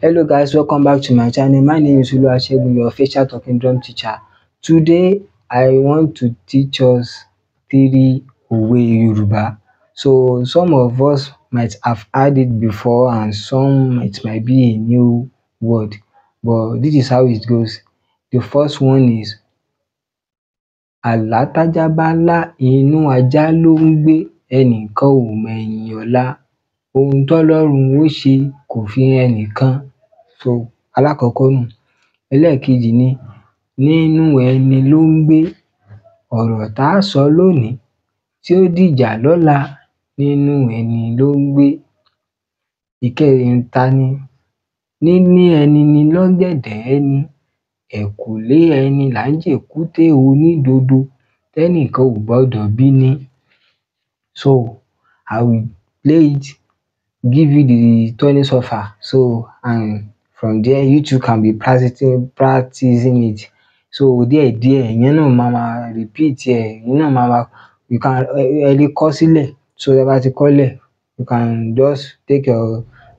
Hello guys, welcome back to my channel. My name is Oluwasegun, your official talking drum teacher. Today, I want to teach us three Òwe Yoruba. So some of us might have heard it before and some it might be a new word. But this is how it goes. The first one is Àlá tájá bá lá, inú ajá ló ń gbé, ẹnìkan ò mẹ̀yìn ọ̀la. Ohun tọ́lọ́run ó ṣe kò fi ẹnìkan. So alákọ̀ọ́kọ́ nùun. Ẹlẹ́ẹ̀kejì ni nínú ẹni ló ń gbé. Ọ̀rọ̀ táá sọ lónìí tí ó dìjà lọ́la, nínú ẹni ló ń gbé. Ìkẹẹ̀ta ni níní ẹni ni lọ́gẹ̀dẹ̀ ẹni. Ẹ̀kùlé ẹni là ń jèkúté onídodo tẹ́nìkan ò gbọdọ̀ bíni. So I will play it, give you the Tony Suffer so and from there you too can be practicing practicing it. So díẹ̀díẹ̀ ìyẹn náà máa ma repeat ẹ̀, ìyẹn náà máa ma you can ẹ lè kọ sílẹ̀. So tẹ bá ti kọ́lẹ̀ you can just take your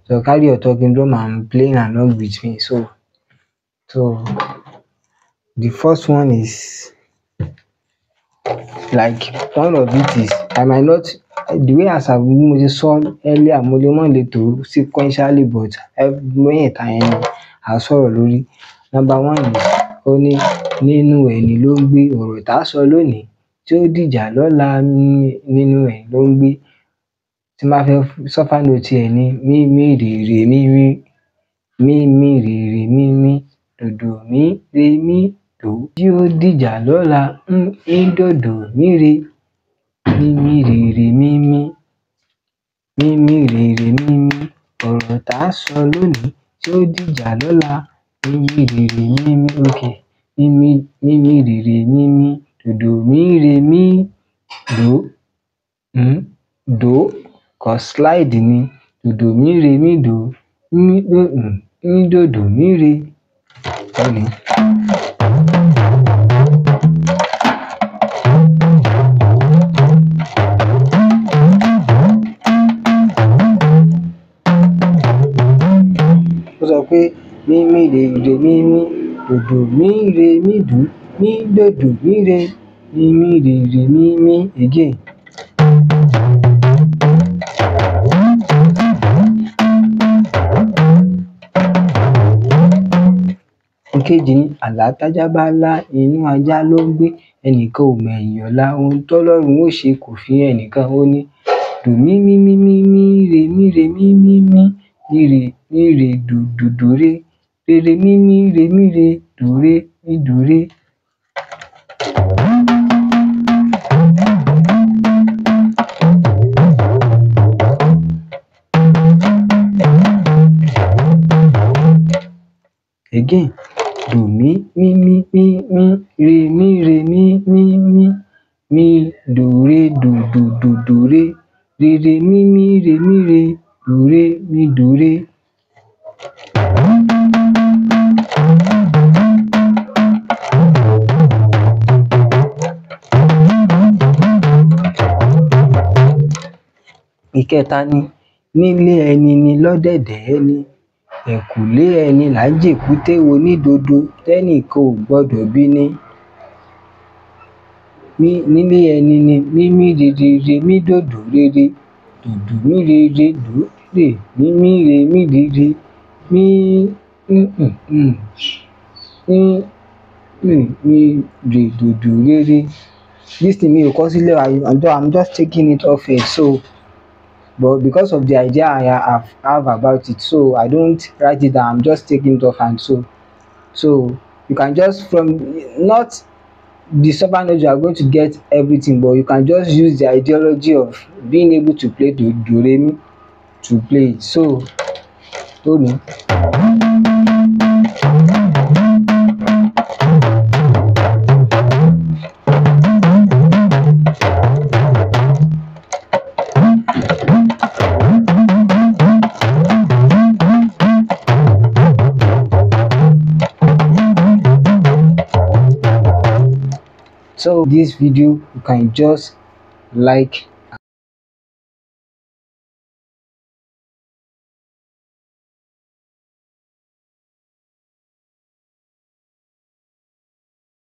so carry your talking drum and playing along with me. So so. The first one is like one of it is I might not the way as I bí mo ṣe earlier mo lè má lè tò ó sequentially but mẹ́ẹ̀ta yẹn ni a sọ̀rọ̀ lórí. Number one is ó ní nínú ẹni ló ń gbé ọ̀rọ̀ tá a sọ lónìí tí ó dìjà lọ́la nínú ẹ̀ ló ń gbé. Tí n mi mi. surfer mi ẹ̀ mi. mí mí rè rè mí mí, mí mí rè rè mí mí, dòdò mí rè mí tó yóò dìjà lọ́la ń édọ̀dọ̀ míre mímí rèrè mímí mímí rèrè mímí ọ̀rọ̀ tá a sọ lónìí tí ó dìjà lọ́la mímí rèrè mímí òkè mímí mímí rèrè mímí dòdò míre mí dò ń hm, dò kọ slide ni dòdò míre mí dò ń hm, dòdò míre. Thank you. pé mi re ire mímí dòdò mí re mi dùn mí dòdò mi re mi re ire mímí again. ìkejì ni àlá tájá bá lá inú ajá ló ń gbé ẹnìkan ò mẹ̀yìn ọ̀la ohun tọ́lọ́run ó ṣe kò fi hàn ẹnìkan ó ní dùn mí mí mí mí mí re mí re mí mí mí. rírè rírè dùdùdùré re mímí remíre dùré mídùré. re dò mí mí mí mí mí re mí re mí mí mí mí dò re dò dò dò dò re re re mí mí re mí re. do re mi do re. ìkẹta ni nílé ẹni ni lọ́dẹ̀dẹ̀ ẹni ẹ̀kùlé ẹni là ń jèkúté onídodo tẹ́nìkan ò gbọ́dọ̀ bíní nílé ẹni ni mímí rere mídòdò rere dùdù mírere dùúrè mímíre mírire míìrìnrìn rìnrìnrè mm, mm, mm, dùdù rere. This thing mi ò kọ sílẹ̀ I'm just I'm just taking it off here so but because of the idea I have, have about it so I don't write it down I'm just taking it off and so so you can just from not the Southerners are going to get everything, but you can just use the ideology of being able to play the do, do to play it. So, Tony. so this video you can just like